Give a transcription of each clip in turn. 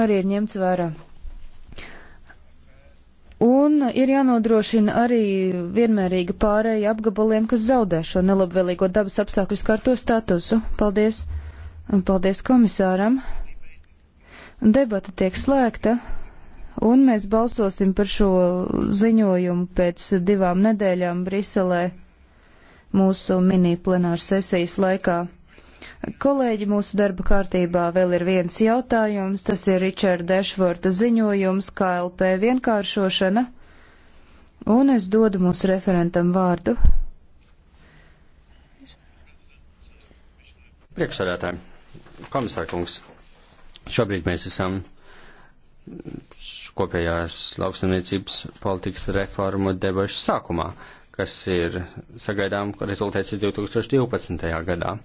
arī ir ņemts vērā. Un ir jānodrošina arī vienmērīga pārēja apgabaliem, kas zaudē šo nelabvēlīgo dabas apstākļu skarto statusu. Paldies! Un paldies komisāram! Debata tiek slēgta, un mēs balsosim par šo ziņojumu pēc divām nedēļām Briselē mūsu mini plenāru sesijas laikā. Kolēģi, mūsu darba kārtībā vēl ir viens jautājums, tas ir Ričarda Ešvorta ziņojums KLP vienkāršošana, un es dodu mūsu referentam vārdu. Priekšsādātāji, komisārkungs, šobrīd mēs esam kopējās lauksamniecības politikas reformu debašu sākumā, kas ir sagaidām rezultēts 2012. gadā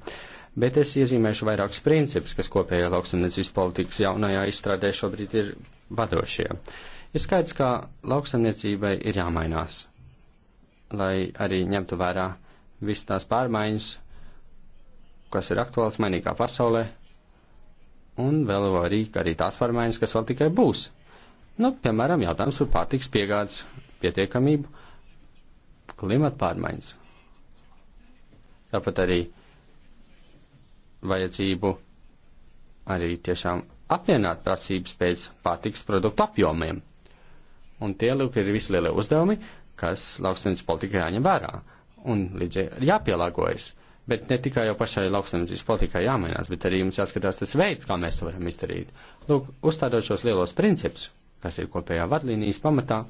bet es iezīmēšu vairākus principus, kas kopējā lauksaimniecības politikas jaunajā izstrādē šobrīd ir vadošie. Ir skaidrs, ka lauksaimniecībai ir jāmainās, lai arī ņemtu vērā visas tās pārmaiņas, kas ir aktuāls mainīgā pasaulē, un vēl arī, arī tās pārmaiņas, kas vēl tikai būs. Nu, piemēram, jautājums par pārtiks piegādes pietiekamību, klimata pārmaiņas. Tāpat arī vajadzību arī tiešām apmierināt prasības pēc pārtiks produktu apjomiem. Un tie, lūk, ir visi lielie uzdevumi, kas lauksaimniecības politikā jāņem vērā un līdz ir jāpielāgojas. Bet ne tikai jau pašai lauksaimniecības politikai jāmainās, bet arī mums jāskatās tas veids, kā mēs to varam izdarīt. Lūk, uzstādot šos lielos principus, kas ir kopējā vadlīnijas pamatā,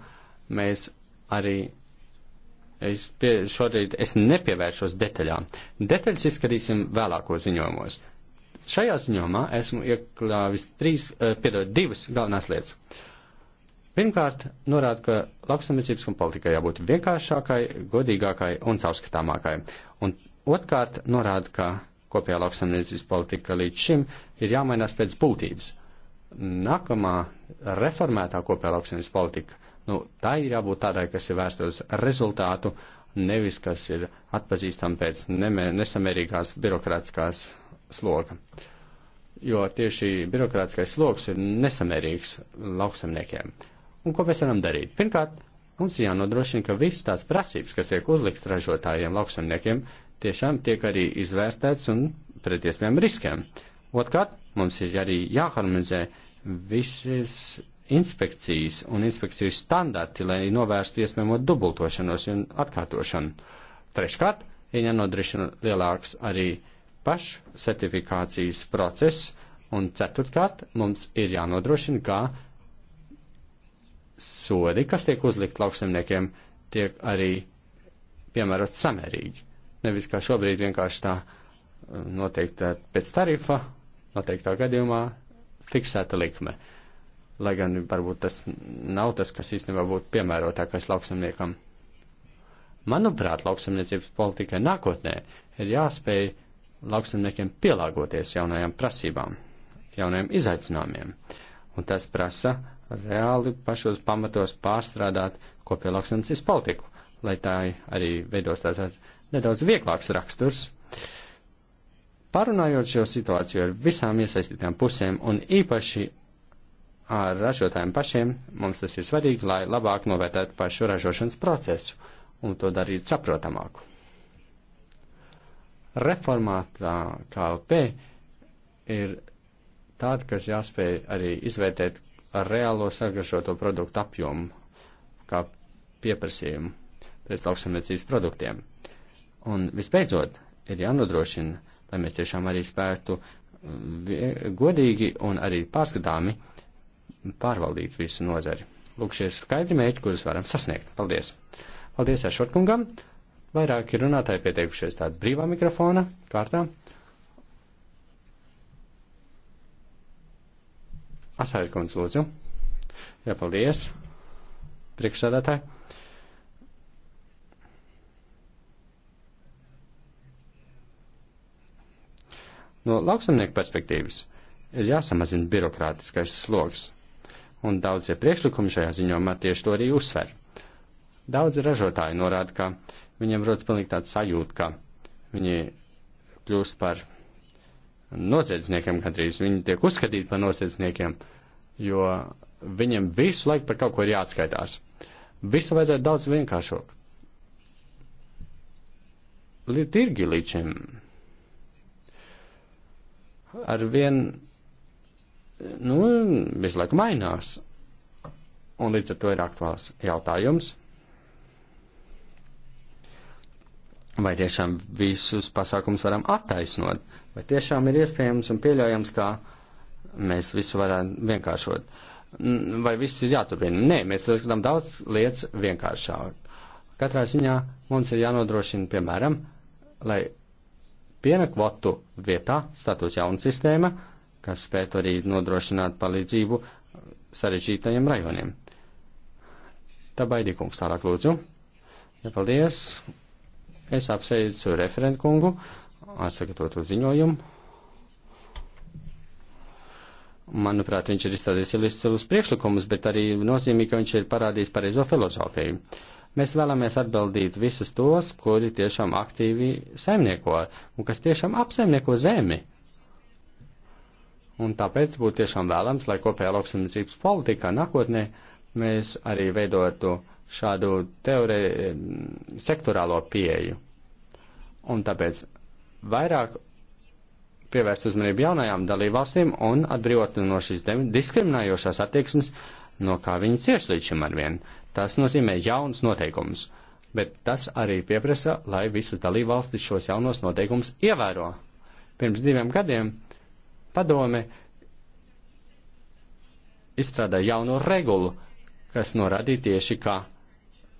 mēs arī Es pie, šorīt es nepievēršos detaļām. Detaļas izskatīsim vēlāko ziņojumos. Šajā ziņojumā esmu iekļāvis trīs, eh, piedod, divas galvenās lietas. Pirmkārt, norāda, ka lauksamniecības un politikai jābūt vienkāršākai, godīgākai un caurskatāmākai. Un otrkārt, norāda, ka kopējā lauksamniecības politika līdz šim ir jāmainās pēc būtības. Nākamā reformētā kopējā lauksamniecības politika Nu, tā ir jābūt tādai, kas ir vērsta uz rezultātu, nevis kas ir atpazīstama pēc nesamērīgās birokrātiskās sloga. Jo tieši birokrātiskais sloks ir nesamērīgs lauksemniekiem. Un ko mēs varam darīt? Pirmkārt, mums jānodrošina, ka visas tās prasības, kas tiek uzlikts ražotājiem, lauksemniekiem, tiešām tiek arī izvērtēts un pret iespējām riskiem. Otkārt, mums ir arī jāharmonizē visas inspekcijas un inspekciju standarti, lai novērstu iespējamo dubultošanos un atkārtošanu. Treškārt, ir jānodrošina lielāks arī pašsertifikācijas process, un ceturtkārt, mums ir jānodrošina, ka sodi, kas tiek uzlikt lauksemniekiem, tiek arī piemērot samērīgi. Nevis kā šobrīd vienkārši tā eh, noteikta pēc tarifa, noteiktā gadījumā fiksēta likme. Uh, lai gan varbūt tas nav tas, kas īstenībā būtu piemērotākais lauksamniekam. Manuprāt, lauksamniecības politikai nākotnē ir jāspēj lauksamniekiem pielāgoties jaunajām prasībām, jaunajiem izaicinājumiem, un tas prasa reāli pašos pamatos pārstrādāt kopējo lauksamniecības politiku, lai tā arī veidos tātad nedaudz vieglāks raksturs. Parunājot šo situāciju ar visām iesaistītām pusēm un īpaši ar ražotājiem pašiem, mums tas ir svarīgi, lai labāk novērtētu pašu ražošanas procesu un to darītu saprotamāku. Reformātā KLP ir tāda, kas jāspēj arī izvērtēt ar reālo sagražoto produktu apjomu, kā pieprasījumu pēc lauksamniecības produktiem. Un visbeidzot, ir jānodrošina, lai mēs tiešām arī spētu mm, godīgi un arī pārskatāmi uh, pārvaldīt visu nozari. Lūk, šie skaidri mērķi, kurus varam sasniegt. Paldies! Paldies Ešvarkungam! Vairāki runātāji pieteikušies tādā brīvā mikrofona kārtā. Asārikons, lūdzu. Jā, paldies. Priekšsēdētāji. No lauksamnieku perspektīvas ir jāsamazina birokrātiskais sloks un daudzie priekšlikumi šajā ziņojumā tieši to arī uzsver. Daudzi ražotāji norāda, ka viņiem rodas pilnīgi tāds sajūta, ka viņi kļūst par noziedzniekiem gandrīz, viņi tiek uzskatīti par noziedzniekiem, jo viņiem visu laiku par kaut ko ir jāatskaitās. Visu vajadzētu daudz vienkāršāk. Tirgi līdz šim ar vien nu, visu laiku mainās. Un līdz ar to ir aktuāls jautājums. Vai tiešām visus pasākumus varam attaisnot? Vai tiešām ir iespējams un pieļaujams, ka mēs visu varam vienkāršot? Vai viss ir jāturpina? Nē, mēs skatām daudz lietas vienkāršāk. Katrā ziņā mums ir jānodrošina, piemēram, lai piena kvotu vietā status jauna sistēma, kas spētu arī nodrošināt palīdzību sarežģītajiem rajoniem. Tā baidīkums tālāk lūdzu. Ja paldies. Es apsveicu referentu kungu ar sagatavotu ziņojumu. Manuprāt, viņš ir izstādījis jau izcilus priekšlikumus, bet arī nozīmīgi, ka viņš ir parādījis pareizo filozofiju. Mēs vēlamies atbildīt visus tos, kuri tiešām aktīvi saimnieko un kas tiešām apsaimnieko zemi Un tāpēc būtu tiešām vēlams, lai kopējā lauksaimniecības politikā nākotnē mēs arī veidotu šādu teore, mm, sektorālo pieeju. Un tāpēc vairāk pievērst uzmanību jaunajām dalībvalstīm un atbrīvot no šīs diskriminējošās attieksmes, no kā viņi cieši līdz šim arvien. Tas nozīmē jauns noteikums, bet tas arī pieprasa, lai visas dalībvalstis šos jaunos noteikumus ievēro. Pirms diviem gadiem Padome izstrādāja jaunu regulu, kas norādīja tieši, ka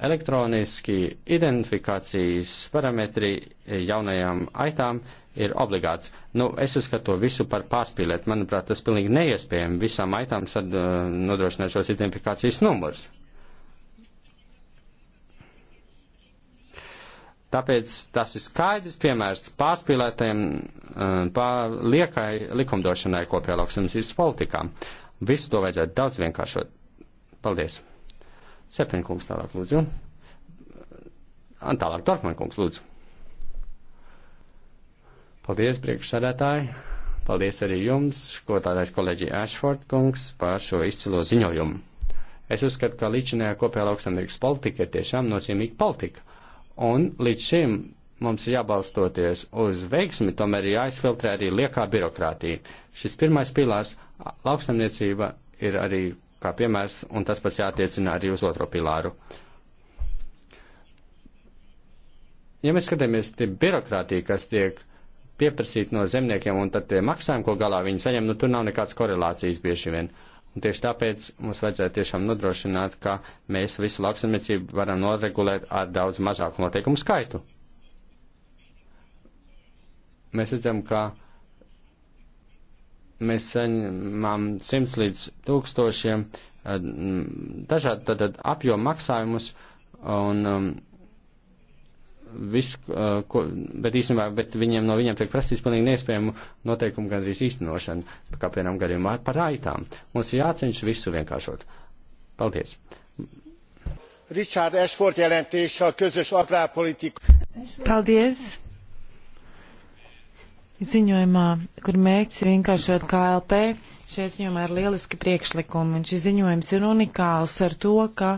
elektroniski identifikācijas parametri jaunajām aitām ir obligāts. Nu, es uzskatu to visu par pārspīlēt. Manuprāt, tas pilnīgi neiespējami visām aitām sad, nodrošināt šos identifikācijas numurus. Tāpēc tas ir skaidrs piemērs pārspīlētajiem, eh, pār liekai likumdošanai kopējā lauksaimniecības politikā. Visu to vajadzētu daudz vienkāršot. Paldies. Septiņkungs tālāk, lūdzu. Antālāk, Dorfmankungs, lūdzu. Paldies, priekšsēdētāji. Paldies arī jums, ko tādais kolēģi Ashford kungs, par šo izcilo ziņojumu. Es uzskatu, ka līdzinājā kopējā lauksaimniecības politika ir tiešām nozīmīga politika Un līdz šim mums ir jābalstoties uz veiksmi, tomēr ir jāizfiltrē arī liekā birokrātija. Šis pirmais pilārs - lauksamniecība ir arī kā piemērs, un tas pats jātiecina arī uz otro pilāru. Ja mēs skatāmies tie birokrātija, kas tiek pieprasīta no zemniekiem, un tad tie maksājumi, ko galā viņi saņem, nu tur nav nekāds korelācijas bieži vien. Uh, Un tieši tāpēc mums vajadzētu tiešām nodrošināt, ka mēs visu lauksamniecību varam noregulēt ar daudz mazāku noteikumu skaitu. Mēs redzam, ka mēs saņemam 100 līdz 1000 eh, dažādu apjomu maksājumus un um, viss, ko, bet īstenībā bet viņiem, no viņiem tiek prasīts pilnīgi neiespējamu noteikumu gandrīz īstenošanu, kā piemēram gadījumā par raitām. Mums ir jāceņš visu vienkāršot. Paldies! Richard Ashford jelentése a közös agrárpolitika. Paldies! Ziņojumā, kur mērķis ir vienkāršot KLP, šie ziņojumā ir lieliski priekšlikumi. Un šis ziņojums ir unikāls ar to, ka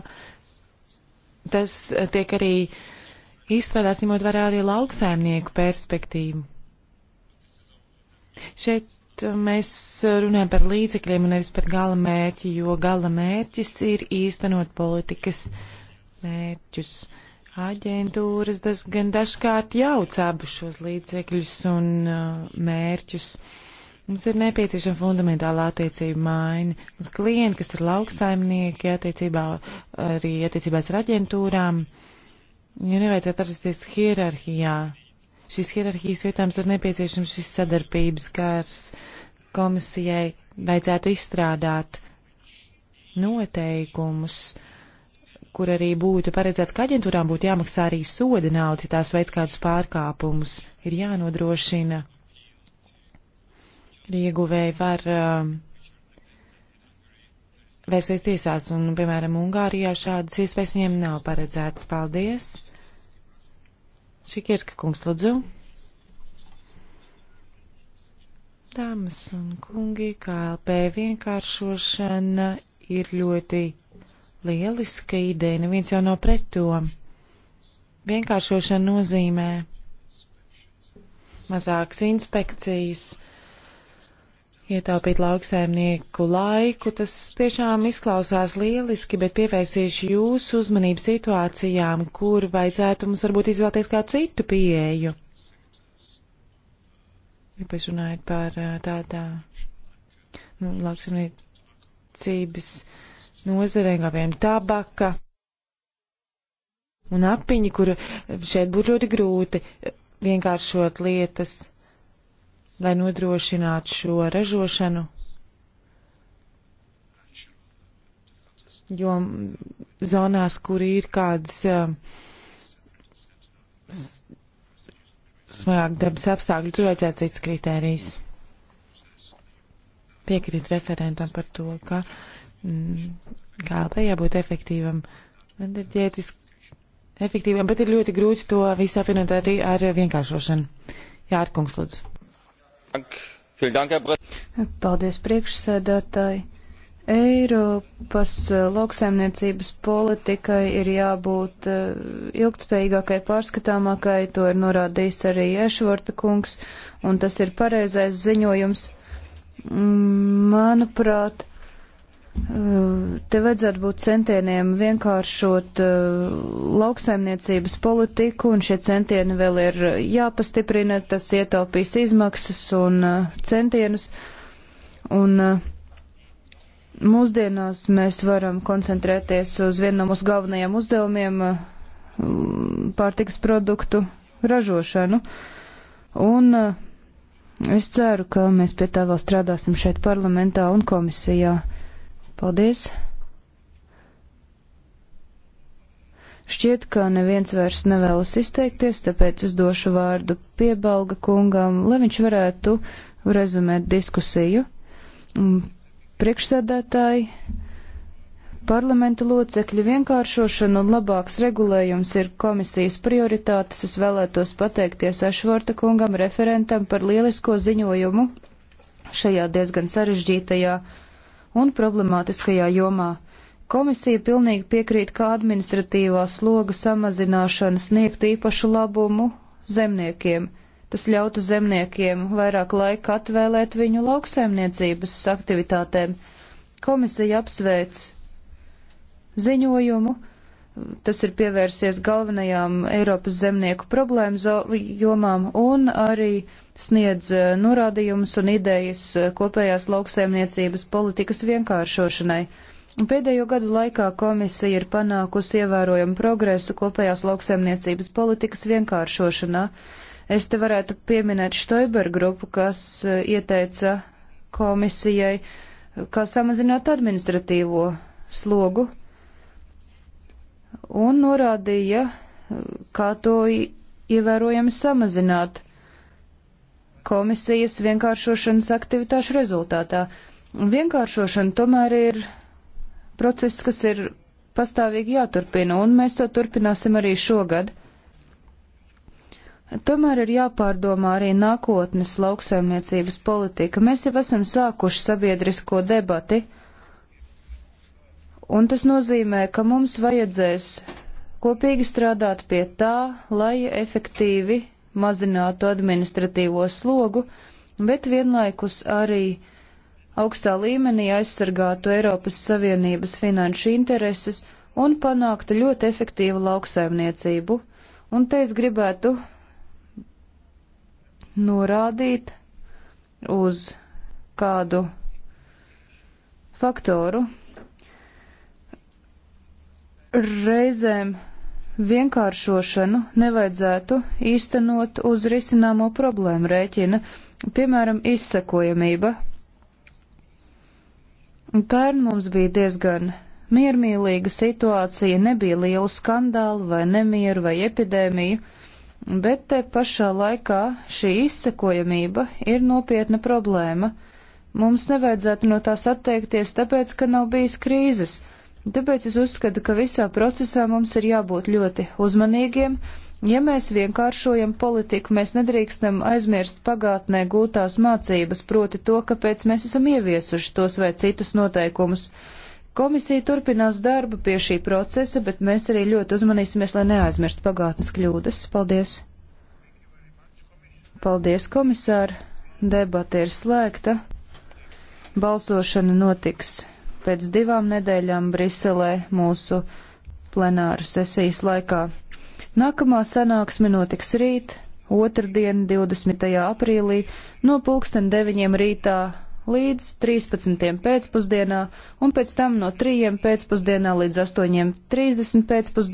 tas tiek arī uh, izstrādās, ņemot vērā arī lauksaimnieku perspektīvu. Šeit uh, mēs runājam par līdzekļiem un nevis par gala mērķi, jo gala mērķis ir īstenot politikas mērķus. Aģentūras das, gan dažkārt jauc abus šos līdzekļus un uh, mērķus. Mums ir nepieciešama fundamentāla attiecība maiņa. Mums klienti, kas ir lauksaimnieki, attiecībā arī attiecībās ar aģentūrām, uh, Jo nevajadzētu atrasties hierarhijā. Šīs hierarhijas vietām ir nepieciešams šis sadarbības kārs komisijai vajadzētu izstrādāt noteikumus, kur arī būtu paredzēts, ka aģentūrām būtu jāmaksā arī soda nauda, ja tās veids kādus pārkāpumus, ir jānodrošina. Ieguvēji var uh, vērsties tiesās, un, piemēram, Ungārijā šādas iespējas viņiem nav paredzētas. Paldies! Šikierska kungs, lūdzu! Dāmas un kungi, KLP vienkāršošana ir ļoti lieliska ideja, neviens jau nav pret to. Vienkāršošana nozīmē mazākas inspekcijas, ietaupīt lauksaimnieku laiku. Tas tiešām izklausās lieliski, bet pievērsīšu jūsu uzmanību situācijām, kur vajadzētu mums varbūt izvēlēties kādu citu pieeju. Īpaši runājot par tādā nu, lauksaimniecības nozarē, kā piemēram tabaka un apiņi, kur šeit būtu ļoti grūti vienkāršot lietas lai nodrošinātu šo ražošanu, jo zonās, kur ir kādas uh, smagāk dabas apstākļi, tur vajadzētu cits kritērijs. Piekrīt referentam par to, ka mm, KLP jābūt efektīvam, enerģētiski efektīvam, bet ir ļoti grūti to visu apvienot arī ar vienkāršošanu. Jārkungs, lūdzu. Paldies priekšsēdētāji. Eiropas eh, lauksaimniecības politikai ir jābūt eh, ilgtspējīgākai, pārskatāmākai, to ir norādījis arī Ešvorta kungs, un tas ir pareizais ziņojums. Manuprāt, Te vajadzētu būt centieniem vienkāršot uh, lauksaimniecības politiku, un šie centieni vēl ir jāpastiprina, tas ietaupīs izmaksas un uh, centienus. Un uh, mūsdienās mēs varam koncentrēties uz vienu no mūsu galvenajiem uzdevumiem - pārtikas produktu ražošanu. Un es ceru, ka mēs pie tā vēl strādāsim šeit parlamentā un komisijā. Paldies! Šķiet, ka neviens vairs nevēlas izteikties, tāpēc es došu vārdu piebalga kungam, lai viņš varētu rezumēt diskusiju. Mm, priekšsēdētāji, parlamenta locekļu vienkāršošana un labāks regulējums ir komisijas prioritātes. Es vēlētos pateikties Ešvorta kungam, referentam par lielisko ziņojumu šajā diezgan sarežģītajā un problemātiskajā jomā. Komisija pilnīgi piekrīt, ka administratīvā sloga samazināšana sniegt īpašu labumu zemniekiem. Tas ļautu zemniekiem vairāk laika atvēlēt viņu lauksaimniecības aktivitātēm. Komisija apsveic ziņojumu Tas ir pievērsies galvenajām Eiropas zemnieku problēmu jomām un arī sniedz eh, norādījumus un idejas eh, kopējās lauksaimniecības politikas vienkāršošanai. Pēdējo gadu laikā komisija ir panākusi ievērojumu progresu kopējās lauksaimniecības politikas vienkāršošanā. Es te varētu pieminēt Štoiber grupu, kas eh, ieteica komisijai, kā samazināt administratīvo slogu un norādīja, kā to ievērojami samazināt komisijas vienkāršošanas aktivitāšu rezultātā. Vienkāršošana tomēr ir process, kas ir pastāvīgi jāturpina, un mēs to turpināsim arī šogad. Tomēr ir jāpārdomā arī nākotnes lauksaimniecības politika. Mēs jau esam sākuši sabiedrisko debati. Uh, Un tas nozīmē, ka mums vajadzēs kopīgi strādāt pie tā, lai efektīvi mazinātu administratīvo slogu, bet vienlaikus arī augstā līmenī aizsargātu Eiropas Savienības finanšu intereses un panāktu ļoti efektīvu lauksaimniecību. Un te es gribētu norādīt uz kādu faktoru, reizēm vienkāršošanu nevajadzētu īstenot uz risināmo problēmu rēķina, piemēram, izsekojamība. Pērn mums bija diezgan miermīlīga situācija, nebija lielu skandālu vai nemieru vai epidēmiju, bet te pašā laikā šī izsekojamība ir nopietna problēma. Mums nevajadzētu no tās atteikties, tāpēc, ka nav bijis krīzes. Tāpēc es uzskatu, ka visā procesā mums ir jābūt ļoti uzmanīgiem. Ja mēs vienkāršojam politiku, mēs nedrīkstam aizmirst pagātnē gūtās mācības, proti to, kāpēc mēs esam ieviesuši tos vai citus noteikumus. Komisija turpinās darbu pie šī procesa, bet mēs arī ļoti uzmanīsimies, lai neaizmirst pagātnes kļūdas. Paldies! Paldies, komisāri! Debata ir slēgta. Balsošana notiks pēc divām nedēļām Briselē mūsu plenāra sesijas laikā. Nākamā sanāksme notiks rīt, otrdien, 20. aprīlī, no pulksten 9. rītā līdz 13. pēcpusdienā un pēc tam no 3. pēcpusdienā līdz 8.30 pēcpusdienā.